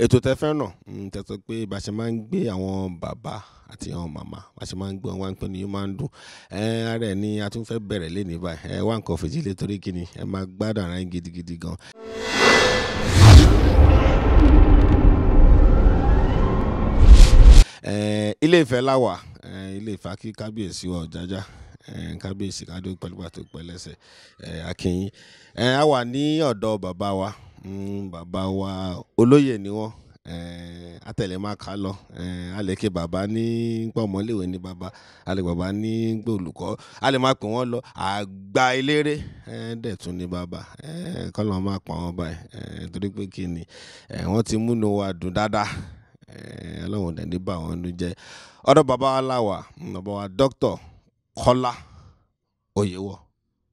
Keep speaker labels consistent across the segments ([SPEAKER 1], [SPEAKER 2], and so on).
[SPEAKER 1] ètò tẹ fẹ́ nà mm, tẹ sọ pé bá ṣe máa ń gbé àwọn bàbá àti àwọn màmá bá ṣe máa ń gbé wọn wá ń pè ní yóò máa ń dùn ara ẹ̀ ni a tún fẹ́ bẹ̀rẹ̀ lé ní báyìí ẹ wá nǹkan fìdílé torí kíni ẹ máa gbádùn ara yín gidigidi gan. ilé Ifẹ̀ láwà ilé Ifẹ̀ kí kábíyèsí wa Ọjájá kábíyèsí kádó pẹ̀lú pàtó pẹ̀lẹ́sẹ̀ akínyìn a wà ní ọ̀dọ̀ bàbá wa bàbá wa olóyè ni wọ́n atẹ̀lẹ́màkà lọ a lè bàbá nígbà ọmọléèwé ni bàbá a lè bàbá nígbà olùkọ́ a lè máa pè wọ́n lọ àgbà eléré dẹ̀ tún ni bàbá kọ́lọ́ máa pa wọ́n báyìí torí pé kí ni wọ́n ti múnú wa dùn dáadáa ọlọ́run dẹ̀ ní bá wọn nu jẹ́ ọ̀dọ̀ bàbá wa láwà
[SPEAKER 2] bàbá wa dókítà Kọ́lá Oyèwọ̀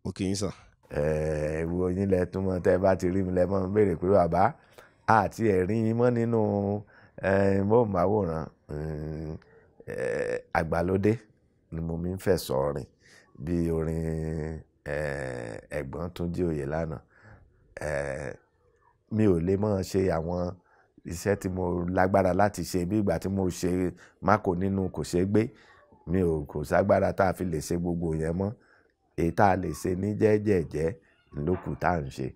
[SPEAKER 2] òkè yín sàn ewu oyin lẹ tún mọ tẹ ẹ bá ti rí mi lẹ mọ béèrè pé bàbá àti ẹ̀rín yín mọ́ nínú móhùnmáwòrán àgbàlódé ni mo mi ń fẹ̀sọ̀ orin bí orin ẹ̀gbọ́n Túnjí Oyèlànà mi ò lè mọ̀ ṣe àwọn iṣẹ́ tí mo lágbára láti ṣe bí ìgbà tí mo ṣe mákò nínú kò ṣeé gbé mi ò kò ságbára tá a fi lè ṣe gbogbo yẹn mọ́ èyí tá a lè ṣe ní jẹ́jẹ̀jẹ́ ńlọ́kù tá à ń ṣe.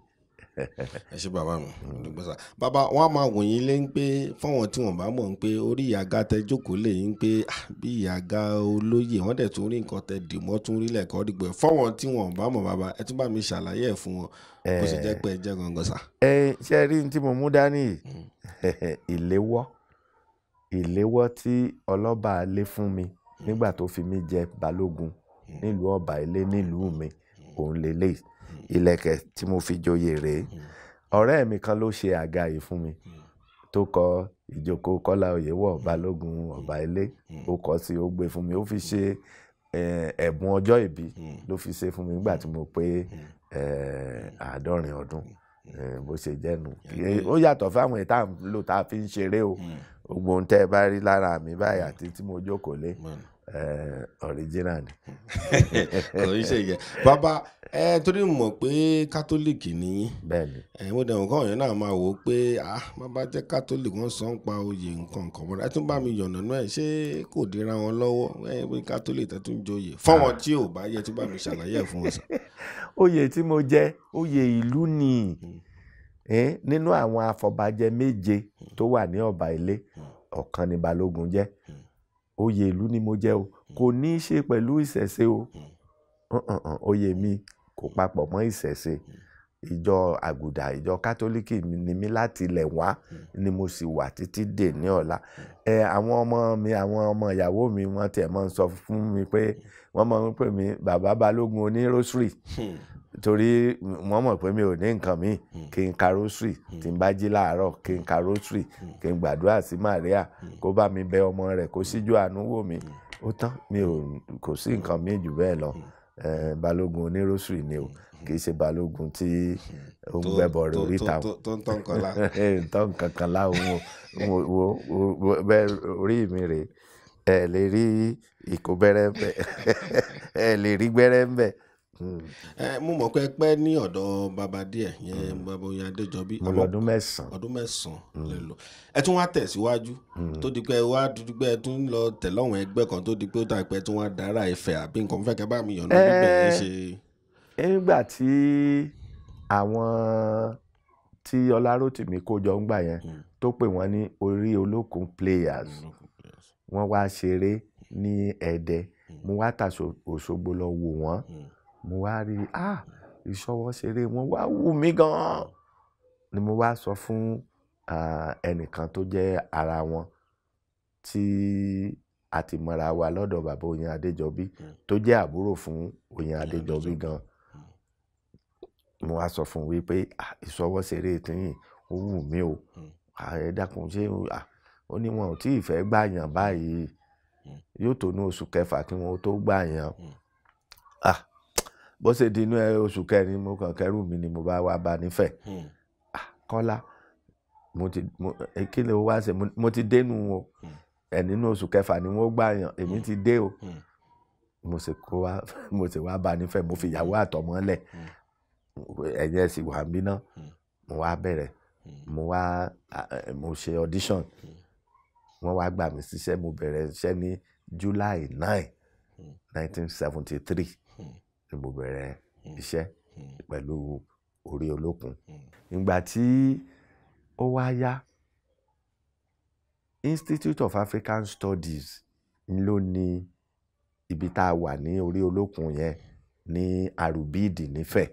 [SPEAKER 2] ẹ ṣe bàbá mi olùgbọ́sà bàbá wọn a máa wò yín lé
[SPEAKER 1] ń pé fáwọn tí wọn bá mọ̀ ń pé orí ìyàgá tẹ jókòó lè yín pé bí ìyàgá olóyè wọn dẹ̀ tún rí nǹkan tẹ dìmọ́ tún rí lẹ́kọ̀ọ́ dìgbò ẹ̀ fáwọn tí wọn bá mọ̀ bàbá ẹ tún bá mi ṣàlàyé ẹ̀ fún wọn bó ṣe jẹ́ pé ẹ jẹ́ gangan sà.
[SPEAKER 2] ẹ ṣe rí ní tí mo mú dání hmm. ìléwọ́ ìléwọ́ tí ọlọ́ba lé fún mi hmm. nígbà tó fi mí jẹ balógun Hmm. nílùú ọba ilé hmm. nílùú mi hmm. òun lélẹ̀ ìlẹ̀kẹ̀ tí mo fi joyè rèé ọ̀rẹ́ mi kan ló ṣe àga yìí fún mi tó kọ ìjókòó kọ́lá oyèwọ̀ balógun ọba ilé ó kọ sí ó gbé fún mi ó fi ṣe ẹ̀bùn ọjọ́ ìbí ló fi ṣe fún mi nígbà tí mo pé àádọ́rin ọdún bó ṣe jẹ́nu ó yàtọ̀ fáwọn ìta lò tá a fi ń ṣeré o gbogbo ohun tẹ́ ẹ bá rí lára mi báyìí àti tí mo jókòó lé Eh, original ni. kò í ṣe yẹ bàbá ẹ torí mọ̀ pé
[SPEAKER 1] kátólíìkì ni yín mo dẹ̀ nǹkan ọ̀yọ́ náà máa wò ó pé ah bàbá jẹ́ kátólíìkì wọ́n sọ ń pa oyè nǹkan kan bọ́dá ẹ tún bá mi yọ̀nà náà ṣé kò dira wọn lọ́wọ́ ẹ pé kátólíìkì tẹ́tún joyè fọ́wọ́n tí ò bá yẹ tún bá mi ṣàlàyé ẹ̀ fún ọ̀sán.
[SPEAKER 2] oyè tí mo jẹ oyè ìlú ni hmm. eh, nínú àwọn afọbajẹ méje tó wà ní ọba ilé hmm. ọ̀kan ni balógun jẹ́ hmm. oyè ìlú ni mo jẹ o hmm. kò ní í ṣe pẹ̀lú ìṣẹ̀ṣe o hmm. oyè mi kò papọ̀ mọ́ ìṣẹ̀ṣe hmm. ìjọ àgùdà ìjọ kátólíkì ni mí láti ilẹ̀ wá ni mo sì wà títí dè ní ọ̀la ẹ àwọn ọmọ mi àwọn ọmọ ìyàwó mi wọ́n tiẹ̀ máa ń sọ fún mi pé wọ́n máa ń pè bàbá balógun onírosary torí wọ́n mọ̀ pé mi ò ní nǹkan mi hmm. kí n ka rosary hmm. tí n bá jí láàárọ̀ kí n ka rosary hmm. kí n gbàdúrà sí Maria kó bá mi bẹ ọmọ rẹ̀ kó síjú àánú wò mí ó tán mi ò kò sí nǹkan mi jù bẹ́ẹ̀ lọ balógun onírosary ni o kì í ṣe balógun tí ó ń gbẹ́bọ̀ rẹ̀ oríta o tó ń tán kankan lá tán kankan lá òun o bẹ́ẹ̀ orí mi rèé ẹ lè rí ìkó bẹ́rẹ́ ń bẹ̀ ẹ lè rí gbẹ́rẹ́ ń bẹ̀.
[SPEAKER 1] Mm. ẹ mú mọ̀ pé pẹ́ ní ọ̀dọ̀ bàbá díẹ̀ yẹn mm. bàbá Oyin Adéjọbí àmọ́ ọdún mẹ́sàn-án ọdún mẹ́sàn-án lè mm. lò ẹ tún wá tẹ̀síwájú tó di pé wá dúdú pé ẹ tún lọ tẹ̀lé àwọn ẹgbẹ́ kan tó di pé ó dà pé
[SPEAKER 2] tún wá dára Ifẹ̀ àbí nǹkan fẹ́ kẹ́ bá mi yànnà níbẹ̀ yẹn ṣe. nígbà tí àwọn tí Ọlárótìmí kó jọ ń gbà yẹn tó pè wọ́n ní orí olókun players wọ́n wá ṣeré ní Ẹ̀dẹ́ mo wá tàṣ Òṣogbo lọ wò wọ́n. Mm mo wá rí i ah ìṣọwọ́ṣeré wọn wá wù mí gan-an ni mo wá sọ fún ẹnìkan tó jẹ́ ara wọn tí a ti mọ̀ra wa lọ́dọ̀ bàbá Oyin Adéjọbí hmm. tó jẹ́ àbúrò fún Oyin Adéjọbí gan-an hmm. mo wá sọ fún un wípé ìṣọwọ́ṣeré tìyìn ó wù mí o hmm. ẹ ṣé ó ní wọn ò tí ì fẹ́ gbàyàn báyìí yóò tó ní oṣù kẹfà kí wọn ó tó gbàyàn ah bó ṣe di inú ẹ oṣù kẹrin mo kàn kẹrù mi ni mo bá wá bá nífẹ̀ẹ́ hmm. ah, kọ́lá mo ti mo eh, kí lè wá ṣe mo ti dénú o hmm. ẹ nínú oṣù kẹfà ni wọ́n gbà yàn èmi hmm. ti dé o mo sì kó wa mo sì wá bá nífẹ̀ẹ́ mo fi ìyàwó àtọmọ lẹ̀ ẹ̀yẹ sì wà mí ná mo wá bẹ̀rẹ̀ mo wá mo ṣe audition wọ́n wá gbà mí síṣẹ́ mo bẹ̀rẹ̀ iṣẹ́ ní July nine nineteen seventy three ni mo bẹ̀rẹ̀ hmm. iṣẹ́ hmm. pẹ̀lú orí olókun hmm. ìgbà tí ó wá yá Institute of African Studies ló ní ibi tá a wà ní orí olókun yẹn ní arubidi nífẹ̀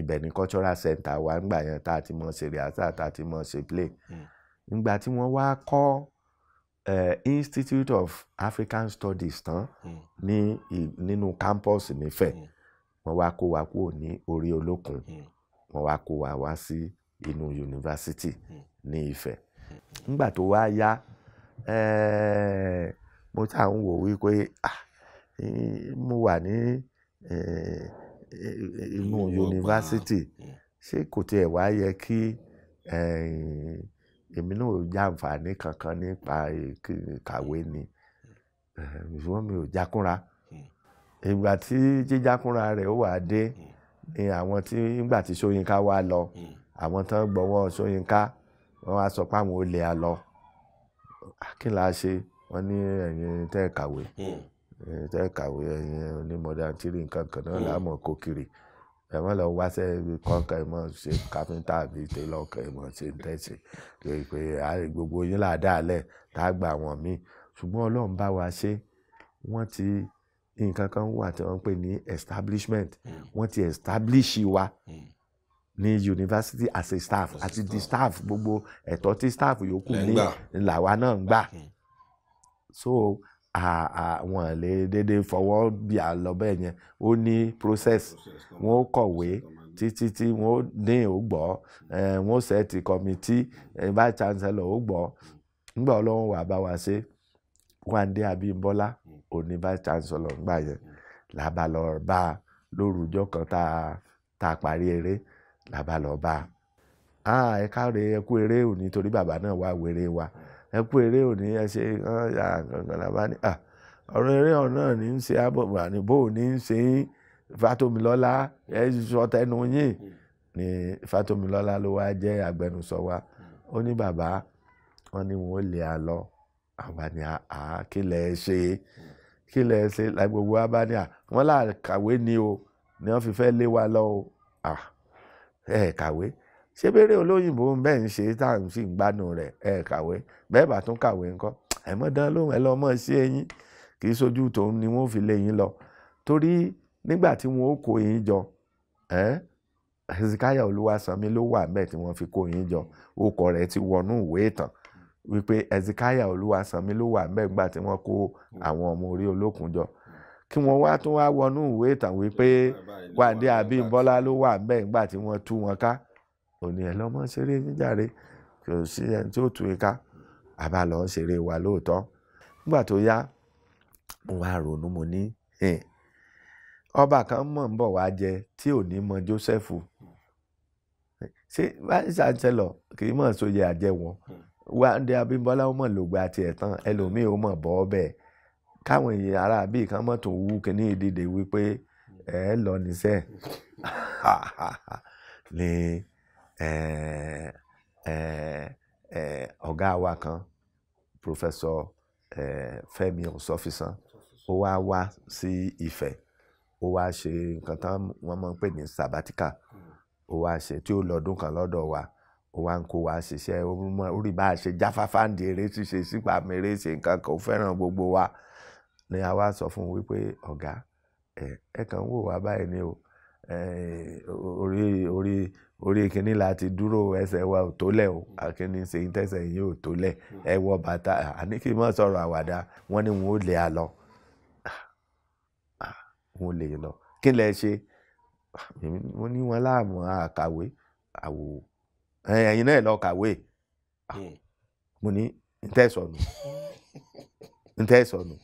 [SPEAKER 2] ibẹ̀ ní cultural center wa ńgbà yẹn tá a ti mọ̀ ṣe rehearsal tá a ti mọ̀ ṣe play ńgbà tí wọ́n wá kọ́ uh, Institute of African Studies tán hmm. ní nínú campus nífẹ̀ẹ́ hmm. wọ́n wá kó wa kúrò ní orí olókun hmm. wọ́n wá kó wa wá sí inú yunifásitì ní Ifẹ̀ nígbà tó wá yá eh, mo ta ń wò wípé mo wà ní eh, inú yunifásitì ṣé kò tiẹ̀ wá yẹ kí. Eh, èmi náà ò jàǹfààní kankan nípa ìkàwé ni ṣùgbọ́n mi ò jákúnra ìgbà tí jíjákúnra rẹ̀ ó wà dé ni àwọn tí ńgbà tí Ṣóyínká wá lọ àwọn tán gbọ́wọ́ Ṣóyínká wọ́n wá sọ pé àwọn olè á lọ kí la ṣe wọ́n ní ẹ̀yin tẹ́ kàwé hmm. tẹ́ kàwé ẹ̀yin onímọ̀dá tìrì nǹkan kan náà làá mọ̀ kó kiri ẹ mọ́ lọ wáṣẹ́ kọ́ńkà ẹ mọ́ ṣe káfíńtà àbí tẹ́lọ̀kà ẹ mọ́ ṣe ń tẹ̀sí lórí pé gbogbo yín là dáàlẹ̀ tá a gbà wọ́n míì ṣùgbọ́n ọlọ́run bá wa ṣe wọ́n ti nǹkan kan wà tí wọ́n ń pè ní establishment hmm. wọ́n ti establish wa hmm. ní university as a staff àti di staff gbogbo ẹ̀tọ́ tí staff yòókù ní làwa náà ń gbà hmm. so. Mm àwọn àlè dédé fọwọ́ bí a lọ bẹ́ẹ̀ yẹn ó ní process wọn ó kọ̀wé títí tí wọn ó dín ó gbọ́ wọn ó sẹ́ẹ̀tì kọ́mítì vice chancellor ó gbọ́ nígbà ọlọ́run wà bá wa ṣe Wándé Abímbọ́lá hmm. òní vice chancellor ńgbà yẹn làbá lọ bá a lórúkọ kan tá a parí eré làbá lọ bá a ẹ káre ẹ kú eré òní torí bàbá náà wà wéré wa. Mm -hmm ẹ kú eré òní ya ṣe kàlàbà ní ọ̀rọ̀ eré ọ̀nà ní ń ṣe àbọ̀bà ní bò ní ń ṣe Fátómilọ́lá ẹ sọ tẹnu yín ni Fátómilọ́lá ló wá jẹ́ agbẹnusọ wa ó ní bàbá wọn ni wọn ò lè a lọ àwa ni a kí lẹ ṣe kí lẹ ṣe láì gbogbo wa à wọn là kàwé ni o ni wọn fi fẹ́ lé wa lọ o ẹ kàwé ṣé bẹ́rẹ̀ olóyìnbó bẹ́ẹ̀ ń ṣe tá à ń sì gbádùn rẹ̀ ẹ kàwé bẹ́ẹ̀ bá tún kàwé ńkọ́ ẹ̀mọ́ lóhùn ẹ lọ́ọ́ mọ̀ sí ẹyin kì í sojú tòun ni wọ́n fi lé yín lọ torí nígbà tí wọ́n ó kó yín jọ Hezekiah Olúwasanmi ló wà mẹ́ẹ̀ tí wọ́n fi kó yín jọ orúkọ rẹ̀ ti wọnú ìwé ìtàn wípé Hezekiah Olúwasanmi ló wà mẹ́ẹ̀ gbà tí wọ́n kó àwọn ọmọ orí olókun jọ kí wọ́n wá tún wá wọnú ìwé ìtàn wípé Wàndé Abímbọ́lá ló wà mẹ́ẹ̀ gbà tí wọ́n tú wọn ká òní ẹ̀ lọ́mọ ṣeré níjàre kò sí ẹni tí ó tú i ká àbá lọ ṣeré wa lóòótọ́ nígbà tó yá mo wá ronú mo ní ọba kan mọ̀ ń bọ̀ wá jẹ tí ò ní mọ Joseph ṣé vice chancellor kì í mọ̀ sóye àjẹ wọn Wándé Abímbọ́lá ó mọ̀ lògbà àti ẹ̀tàn ẹlòmíì ó mọ̀ bọ́ bẹ́ẹ̀ káwọn èèyàn ará bíi kan mọ̀ tó wú kíní ìdìde wípé ẹ lọ níṣẹ́ ni ọ̀gá wa kan professor Fẹ́mi Ọ̀sọ́fisán ó wá wá sí Ifẹ̀ ó wá ṣe nǹkan tán wọ́n máa ń pè ní sabatika ó wá ṣe tí ó lọ́dún kan lọ́dọ̀ wa ó wá ń kó wa ṣiṣẹ́ ó rí bá a ṣe jáfáfá ń di eré ṣíṣe sípa mèrè ṣe nǹkan kan ó fẹ́ràn gbogbo wa ni a wá sọ fún un wípé ọ̀gá ẹ̀ ẹ̀ kàn ń wò wá báyìí ni o. Eh, orí orí orí kínní la ti dúró ẹsẹ̀ wa ò tólẹ̀ o akínní ṣe ń tẹ̀sẹ̀ yìí ò tólẹ̀ ẹ wọ bàtà àní kí n má sọ̀rọ̀ àwàdà wọ́n ní wọn ò lè a lọ wọn ò lè e lọ kí lẹ ṣe mo ní wọn láàmú àkàwé àwò ẹ̀yin náà lọ kàwé hmm. mo ní n tẹ́ sọnù n tẹ́ sọnù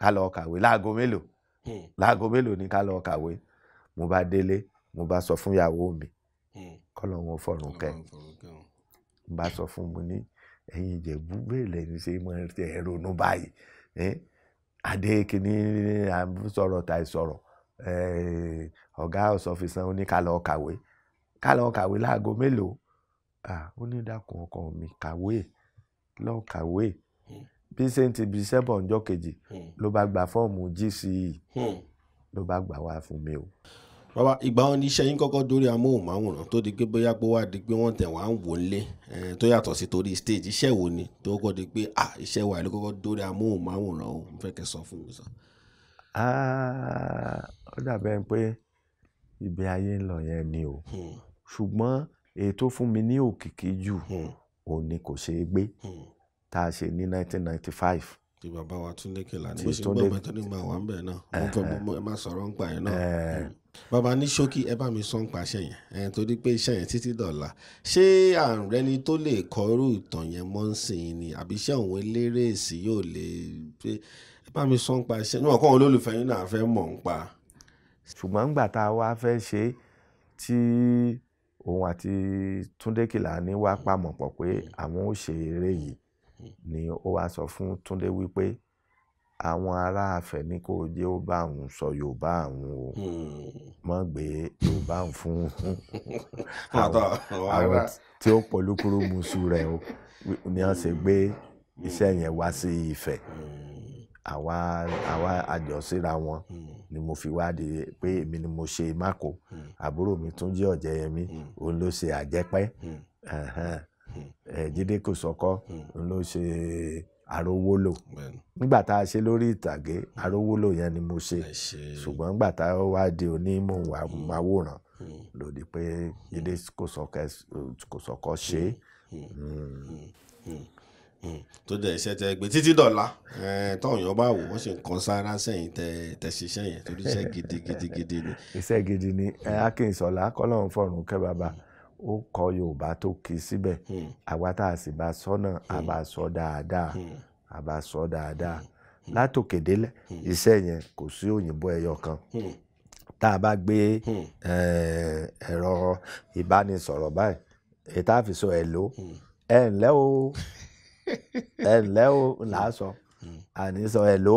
[SPEAKER 2] ká lọ kàwé láago mélòó hmm. láago mélòó ni ká lọ kàwé. mo bá délé mo bá sọ fún ìyàwó mi hmm. kọ́lọ́hún ó fọ̀run kẹ́ mo bá sọ fún mo ní ẹ̀yin ìjẹ̀bú bẹ́ẹ̀ lẹ́yìn ṣe mo ti ẹ̀ ronú báyìí adé kìíní à ń sọ̀rọ̀ tàì sọ̀rọ̀ ọ̀gá ọ̀sọ́fisàn oníkàlọ́ kàwé kàlọ́ kàwé láago mélòó ó ní dákun ọkọ mi kàwé lọ kàwé bí sẹ́ńtì bí sẹ́bọ̀ ọjọ́ kejì hmm. ló bá gba fọ́ọ̀mù GCE hmm. ló bá gbà wá fún mi o bàbá ìgbà wọn ní iṣẹ́ yín kọ́kọ́
[SPEAKER 1] dórí amóhùnmáwòrán tó di pé bóyá pé wá di pé wọ́n tẹ̀ wá ń wò lé eh, tó yàtọ̀ sí torí stage iṣẹ́ wo ni tó kọ́ di pé ah iṣẹ́ wa ló kọ́kọ́ dórí amóhùnmáwòrán o fẹ́ kẹ́ sọ fún mi sọ.
[SPEAKER 2] Ah, ó dàbẹ̀ pé ibi ayé ń lọ yẹn ni o hmm. ṣùgbọ́n èyí tó fún mi ní òkìkí jù hmm. òun ni kò ṣeé gbé hmm. tá a ṣe ní nineteen ninety five ti bàbá
[SPEAKER 1] wa Túndé Kèlání bó ṣe gbọ́ ọmọ tó wà ń bẹ̀ náà wọ́n eh. fẹ́ mọ́ ẹ sọ̀rọ̀ ń pa ẹ̀ náà. Eh bàbá ní ṣókí ẹ bá mi sọ ń pàṣẹ yẹn ẹ torí pé iṣẹ́ yẹn títí dọ̀la ṣé àrùn rẹni tó lè kọrú ìtàn yẹn mọ́ ń sìn ni àbí iṣẹ́ òun eléré èsì yóò lè pé ẹ bá mi sọ ń pàṣẹ níwọ̀n
[SPEAKER 2] kọ́ àwọn olólùfẹ́ yín náà fẹ́ mọ̀ ń pa. ṣùgbọ́n ńgbà tá a wá fẹ́ ṣe tí òun àti Túndé Kèlání wá pamọ̀ pọ̀ pé àwọn ò ṣe eré yìí ni ó wá sọ fún Túndé wípé àwọn ará Afẹ̀nikòjé ó bá òun sọ Yorùbá òun o hmm. mọ̀ gbé Yorùbá òun fún àwọn tí ó pọ̀ lókúrò musu rẹ̀ o ni wọ́n ṣe gbé hmm. iṣẹ́ yẹn wá sí Ifẹ̀ hmm. àwa àwa àjọṣíra wọn ni mo fi wádìí pé èmi ni mo ṣe máko àbúrò mi tún jẹ́ Ọ̀jẹ̀yẹmí òun ló ṣe àjẹpẹ́ Jídé Kòsọ́kọ́ òun ló ṣe àròwólò nígbà tá a ṣe lórí ìtàgé àròwólò hmm. yẹn ni mo ṣe ṣùgbọ́n nígbà tá a wá di onímọ̀ àwòrán hmm. hmm. lòdì pé ilé kò sọ̀kọ̀ ṣe
[SPEAKER 1] é tó jẹ́ iṣẹ́ tẹ́ gbé títí dọ̀la táwọn èèyàn bá wò wọ́n sì ń kan sára sẹ́yìn
[SPEAKER 2] tẹ́ yẹn torí iṣẹ́ gidi ni. iṣẹ́ gidi ni akínṣọlá kọ́lọ́run fọ̀run kẹ́ bàbá. ó kọ yorùbá tó kì í síbẹ̀ hmm. àwa tá sì bá sọ náà a hmm. sọ dáadáa hmm. a bá sọ dáadáa látòkè iṣẹ́ yẹn kò sí òyìnbó ẹyọ kan tá a bá gbé ẹ̀rọ ìbánisọ̀rọ̀ báyìí èyí tá a ẹ̀ ló ẹ̀ ǹlẹ́ o ẹ̀ ǹlẹ́ o là á sọ àní ẹ̀ ló.